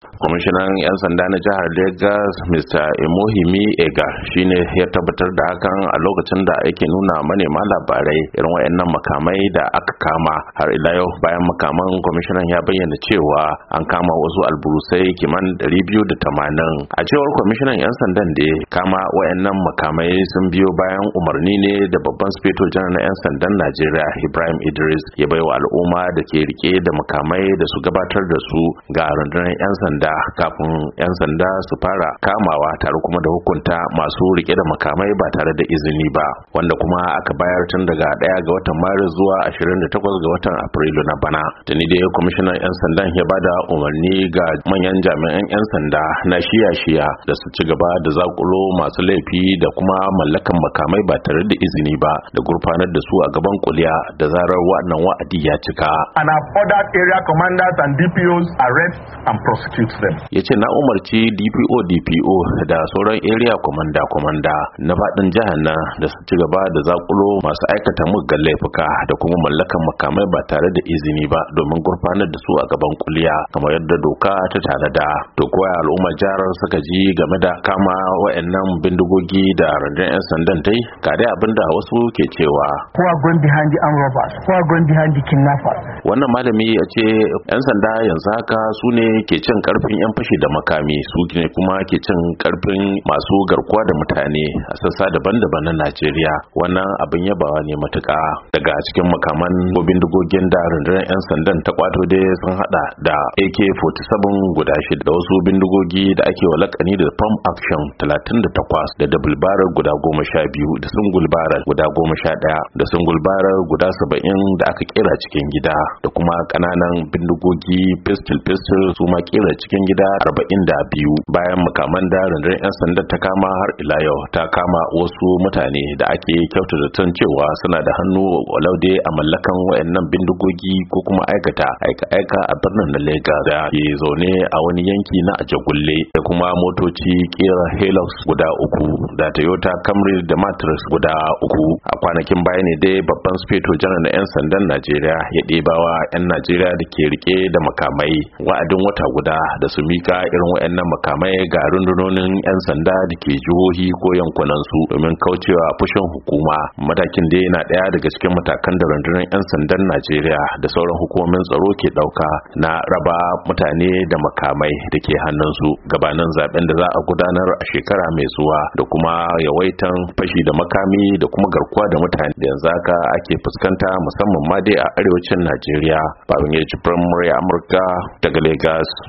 kwamishinan 'yan sanda na jihar lagos mr emohimi ega shine ya tabbatar da hakan a lokacin da ake nuna manema labarai irin wayannan makamai da aka kama har ila yau bayan makaman kwamishinan ya bayyana cewa an kama wasu alburusai kiman 280 a cewar kwamishinan 'yan sandan da kama wayannan makamai sun biyo bayan umarni ne da babban sufeto janar na 'yan sandan najeriya ibrahim idris ya baiwa al'umma da ke rike da makamai da su gabatar da su ga rundunar 'yan sanda sanda kafin 'yan sanda su fara kamawa tare kuma da hukunta masu rike da makamai ba tare da izini ba wanda kuma aka bayar tun daga ɗaya ga watan maris zuwa 28 ga watan afrilu na bana tuni dai kwamishinan 'yan sandan ya bada umarni ga manyan jami'an 'yan sanda na shiya-shiya da su ci gaba da zakulo masu laifi da kuma mallakan makamai ba tare da izini ba da gurfanar da su a gaban kuliya da zarar wannan wa'adi ya cika. And ordered area commanders and DPOs arrest and prosecute. suit them ya ce na umarci dpo dpo da sauran area commander commander na faɗin jihar nan da su ci gaba da zakulo masu aikata muggan laifuka da kuma mallakan makamai ba tare da izini ba domin gurfanar da su a gaban kuliya kamar yadda doka ta da to koya al'ummar jihar suka ji game da kama wa'annan bindigogi da rundunar 'yan sandan ta yi ga dai abin da wasu ke cewa kowa gondi handi an robbers kowa gondi handi kidnappers wannan malami ya ce 'yan sanda yanzu haka su ne ke cin karfin yan fashi da makami su ne kuma ke cin karfin masu garkuwa da mutane a sassa daban-daban na Najeriya wannan abin yabawa ne matuka daga cikin makaman gobin dugogin da rundunar yan sandan ta kwato dai sun hada da AK47 guda shida da wasu bindigogi da ake walakani da pump action 38 da guda goma guda biyu da sun gulbarar guda daya da sun gulbarar guda saba'in da aka kera cikin gida da kuma kananan bindigogi pistol pistol su ma kera cikin gida 42 bayan makaman da rundunar 'yan sanda ta kama har ila yau ta kama wasu mutane da ake kyautata tun cewa suna da hannu walaude a mallakan wayannan bindigogi ko kuma aikata aika-aika a birnin na Lagos da ke zaune a wani yanki na Ajagulle da kuma motoci kera Hilux guda uku da Toyota Camry da Matrix guda uku a kwanakin baya ne dai babban speto janar na 'yan sandan Najeriya ya ɗebawa 'yan Najeriya da ke rike da makamai wa'adin wata guda da su mika irin waɗannan makamai ga rundunonin 'yan sanda da ke jihohi ko yankunan su domin kaucewa fushin hukuma matakin da yana ɗaya daga cikin matakan da rundunar 'yan sandan Najeriya da sauran hukumomin tsaro ke ɗauka na raba mutane da makamai da ke hannun su gabanin zaben da za a gudanar a shekara mai zuwa da kuma yawaitan fashi da makami da kuma garkuwa da mutane da yanzu haka ake fuskanta musamman ma dai a arewacin Najeriya babin ya ci murya Amurka daga Lagos